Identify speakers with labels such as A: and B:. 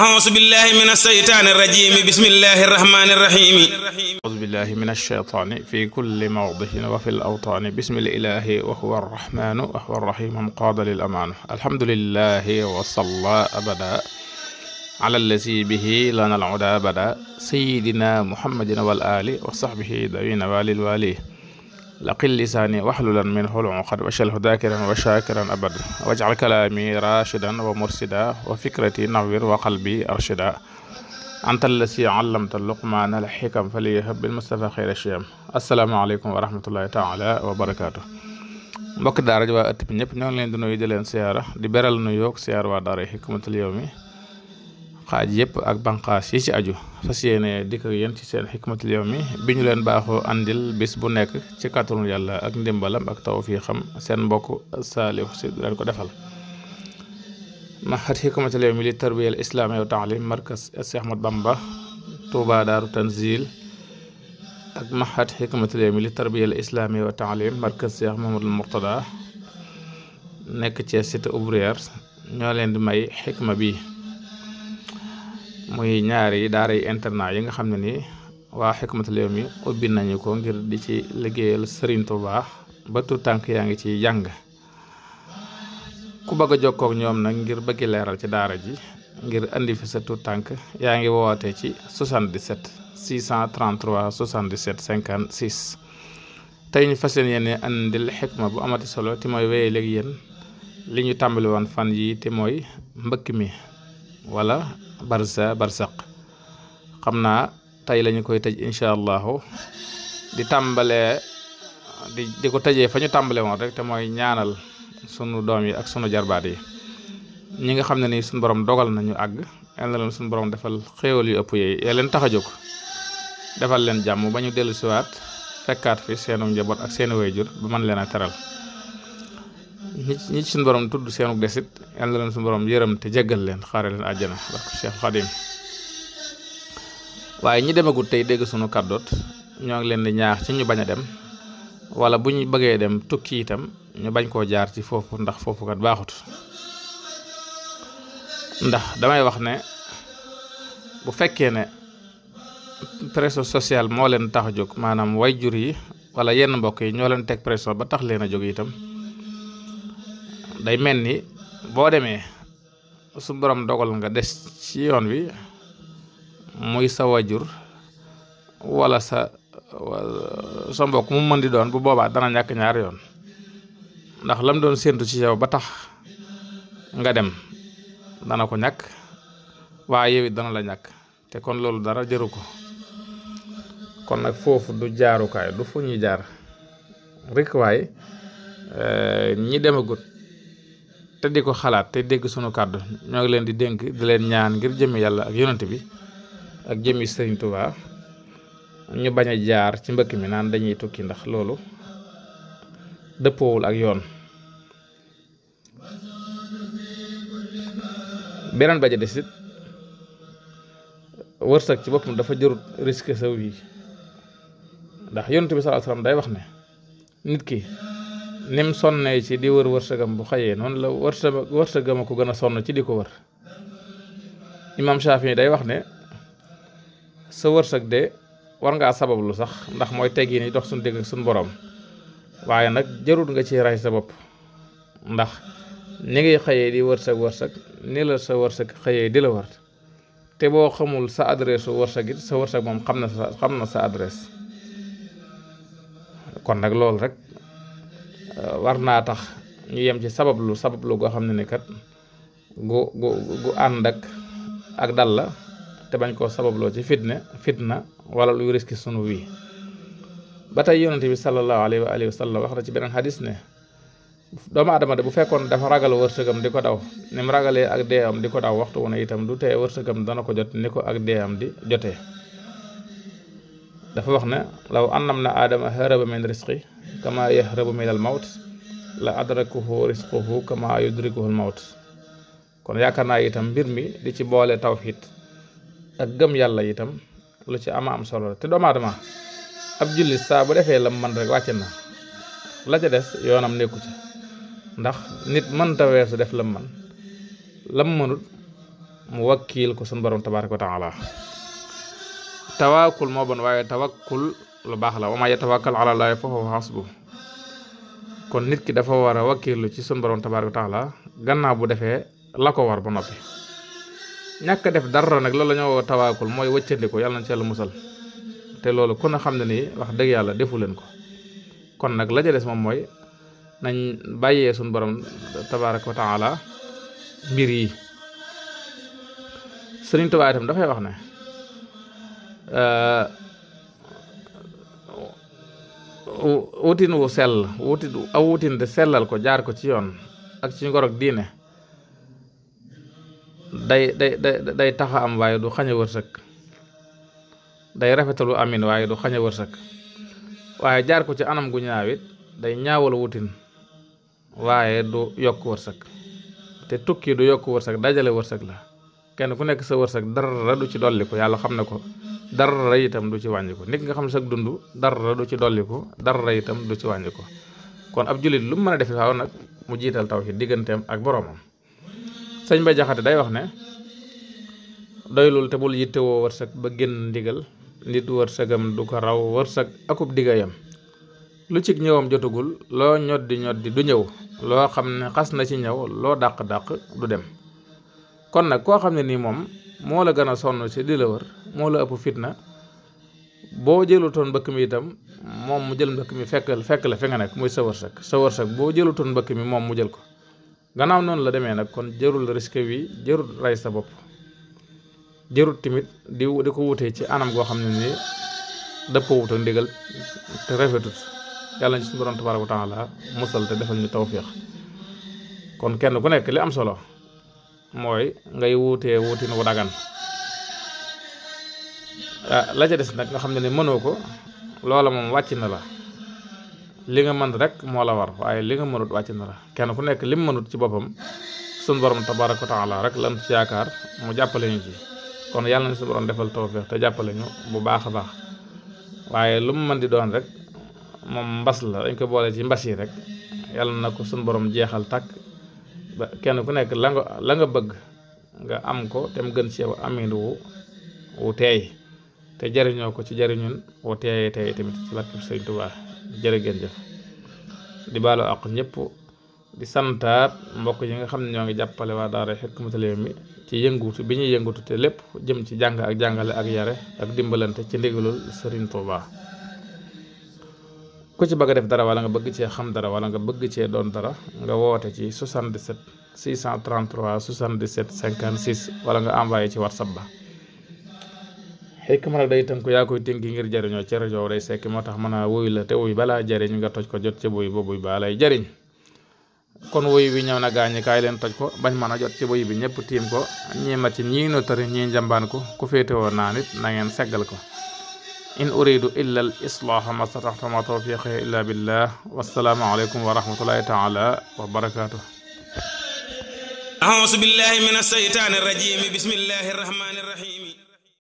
A: أعوذ بالله من الشيطان الرجيم بسم الله الرحمن الرحيم أعوذ بالله من الشيطان في كل موضع وفي الأوطان بسم الإله وهو الرحمن وهو الرحيم انقاد للأمان الحمد لله وصلى أبدا على الذي به لنا العدا بدا سيدنا محمد والآل وصحبه ذوي نوال الوالي laqil lisaani waxlulan min xulun qad wachalhu dakiran wa shakiran abad wajcal kalaami rashidan wa mursida wa fikrati nawir wa qalbi arshida anta allasi allamta luqmaana alxikam faliyahab bil mustafa xayra shiyam asalaamaaleykum wa rahmatullahi taala wa barakaatu mbokk daara ji waa ëtt bi ñëpp ñoo ngi leen di nuyu di leen siyaara di beral nu yoog siyaar waa daara xikmatul yawmi xaaj yëpp ak banqaas yi ci aju fas yéene dikk ak ci seen xikmatul yawmi bi ñu leen baaxoo àndil bis bu nekk ci kàttanul yàlla ak ndimbalam ak tawfiixam seen mbokk saalih si leen ko defal mahad xikmatul yawmi li tarbiyal islaami wa taalim markas Cheikh Ahmad Bamba Touba Daaru Tanzil ak mahad xikmatul yawmi li tarbiyal islaami wa taalim markas Cheikh Mahamadul nekk ci cité ouvrière ñoo leen di may xikma bi muy ñaari yi internat yi nga xam ne ni waa Hikmatul mi ubbi nañu ko ngir di ci liggéeyal Serigne Touba ba tu tànk yaa ngi ciy jàng ku bëgg a jokkoo ak ñoom nag ngir bëgg leeral ci daara ji ngir indi fi sa tu tànk yaa ngi woote ci 77 633 77 56. tey ñu fas yéene andil xikma bu amati solo te mooy wéyee léegi yéen li ñu tàmbali fan yi te mooy mbëkk mi. wala barza barsaq xam naa tey lañu koy tëj incha allahu di tàmbalee di di ko tëjee fa ñu tàmbale woon rek te mooy ñaanal sunu doom yi ak sunu jarbaat yi ñi nga xam ne nii suñu borom dogal nañu àgg yal na leen suñu borom defal xéewal yu ëpp yooyu yal leen tax a jóg defal leen jàmm ba ñu dellu siwaat fekkaat fi seenu njaboot ak seeni jur ba mën leen a teral ñi ñi ci suñu borom tudd seenu desit yàlla leen su borom yërëm te jéggal leen xaare leen àjjana barke Cheikh Xadim waaye ñi demagut tey dégg suñu kàddoot ñoo ngi leen di ñaax ci ñu bañ a dem wala bu ñu bëggee dem tukki itam ñu bañ koo jaar ci foofu ndax foofu kat baaxut ndax damay wax ne bu fekkee ne pression sociale moo leen tax a jóg maanaam way jur yi wala yenn mbokk yi ñoo leen teg pression ba tax leen a jóg itam day mel ni boo demee su borom dogal nga des ci yoon wi muy sa wajur wala sa sa mbokk mu mën di doon bu boobaa dana ñàkk ñaar yoon ndax lam doon séentu ci yow ba tax nga dem dana ko ñàkk waaye yow dana la ñàkk te kon loolu dara jëru ko kon nag foofu du jaarukaay du fu jaar rek waaye eh, ñi demagut te di ko xalaat te dégg sunu kàddu ñoo ngi leen di dénk di leen ñaan ngir jëmmi yàlla ak yonante bi ak jëmmi sëriñ Tuubaa ñu bañ a jaar ci mbëkk mi naan dañuy tukki ndax loolu dëppoowul ak yoon beneen ba ja desit wërsëg ci boppam dafa jërut risque saw yi ndax yonante bi sallallahu alayhi day wax ne nit ki ni mu sonnee ci di wër wërsëgam bu xëyee noonu la wërsëg wërsëgam a ko gën a sonn ci di ko wër imam Shafii day wax ne sa wërsëg de war ngaa lu sax ndax mooy teg yi ni dox suñ dégg ak suñu borom waaye nag jarut nga ci ray sa bopp ndax ni ngay xëyee di wërsëg wërsëg ni la sa wërsëg xëyee di la wër te boo xamul sa adresse su wërsëg it sa wërsëg moom xam na sa xam na sa adresse kon nag loolu rek Euh, war naa tax ñu yem ci sabablu sabablu goo xam ne ni kat gu gu gu ànd ak ak dal la te bañ koo sababloo ci fitna fitna wala luy risque sunu wii ba tey yonente bi sallallahu wa alihi wa wax na ci beneen xadis ne doomu adama de bu fekkoon dafa ragal wërsëgam di ko daw ni mu ragalee ak dee am di ko daw waxtu wu ne itam du tee wërsëgam dana ko jot ni ko ak dee am di jotee dafa wax ne law annam na aadama haraba min risqi kama yahrabu min al mawt la adrakuhu risquhu kama yudrikuhu al mawt kon yaakaar naa itam mbir mi di ci boole tawxiid ak gëm yàlla itam lu ci ama am solo te doomu aadama ab jullit saa bu defee lam man rek wàcce na la ci des yoonam nekku ci ndax nit mënta weesu def lam man lam mënut mu wakkiil ko sunu borom tabaaraka ko taala tawaakul moo bon waaye tawakkul lu baax la wa maa yatawakkal ala llaahi fa huwa hasbu kon nit ki dafa war a wakkiirlu ci sunu borom tabaaraka taala gannaaw bu defee la ko war ba noppi ñàkk def dara nag loolu la ñoo tawaakul mooy wëccandiku yàlla na ci yàlla musal te loolu ku ne xam ne nii wax dëgg yàlla defu leen ko kon nag la ca des moom mooy nañ bàyyee suñ borom tabaaraka taala mbir yi Sëriñ Tuubaa itam dafay wax ne. Eh, wutin wu sell wutin aw wutin sellal ko jaar ko ci yoon ak ci ngorog diine day day day taxa am waaye du xañ wërsëg day rafetalu amin waaye du xañ a wërsëg waaye jaar ko ci anam gu ñaawit day ñaawal wutin waaye du yokk wërsëg te tukki du yokk wërsëg dajale wërsëg la kenn ku nekk sa wërsëg dara du ci dolli ko yàlla xam ne ko dara itam du ci wàññi ko nit nga xam ne sag dund dara du ci dolli ko dara itam du ci wàññi kon ab jullit lu mu mën a def faaw nag mu jiital taw ci digganteem ak boroomam sëñ Ba Jaxate day wax ne doylul te bul yittewoo wërsëg ba génn ndigal nit wërsëgam du ko raw wërsëg akub diggayam lu ci ñëwam jotagul loo ñoddi ñoddi du ñëw loo xam ne xas na ci ñëw loo dàq-dàq du dem kon nag koo xam ne nii moom moo la gën a sonn ci li la wër moo la ëpp fitna boo jëlutoon mbëkk mi itam moom mu jël mbëkk mi fekkal fekk la fi nga nekk muy sa wërsëg sa wërsëg boo jëlutoon mbëkk mi moom mu jël ko gannaaw noonu la demee nag kon jërul risque wi jërul rey sa bopp jërul timit di di ko wutee ci anam goo xam ne ni dëppoo wut ak ndigal te rafetut yàlla ñu suñu borom tabaaraka wa taala musal te defal ñu tawfiix kon kenn ku nekk li am solo mooy ngay wuutee wuutin wu dagan ah, la ca des nag nga xam ne ni mënoo ko loola moom wàcc na la li nga mën rek moo la war waaye li nga mënut wàcc na la kenn ku nekk lim mënut ci boppam sunu borom ko wa taala rek lan ci yaakaar mu jàppale ñu ci kon yàlla na sunu borom defal tawfeex te jàppale ñu bu baax a baax waaye lu mu mën di doon rek moom mbas la dañ ko boole ci mbas yi rek yàlla na ko sunu borom jeexal takk ba kenn ku nekk la nga la nga bëgg nga am ko te mu gën ci yow amin wu wu teey te jariñoo ko ci jariñun wu teeye teey tamit ci barkeb Sëriñ Tuubaa jërë ngeen jëf di baalu ak ñëpp di santaat mbokk yi nga xam ne ñoo ngi jàppale waa daara Hikmatul Yawmi ci yëngutu bi ñu yëngutu te lépp jëm ci jàng ak jàngale ak yare ak dimbalante ci ndigalul Sëriñ Tuubaa ku ci bëgg a def dara wala nga bëgg cee xam dara wala nga bëgg cee doon dara nga woote ci 77 633 77 wala nga envoyé ci whatsapp ba xikma nag day tënku yaa koy tënki ngir jariñoo ci rajo day sekki moo tax mën a wuy la te wuy balaa jariñ nga toj ko jot ci buy ba buy baa lay jariñ kon wuy wi ñëw na gaañu kaay leen toj ko bañ mën a jot ci buy bi ñëpp tiim ko ñii màcc ñii no tëri ñii njambaan ko ku féete naa nit nangeen ngeen seggal ko in uridu illa al islaaha ma stataxtu ma tawfiqi illa billah wassalaamu aleykum wa rahmatullahi taala wa barakatuh auzu billahi min alsheytani arrajim bismillahi arrahmani arrahim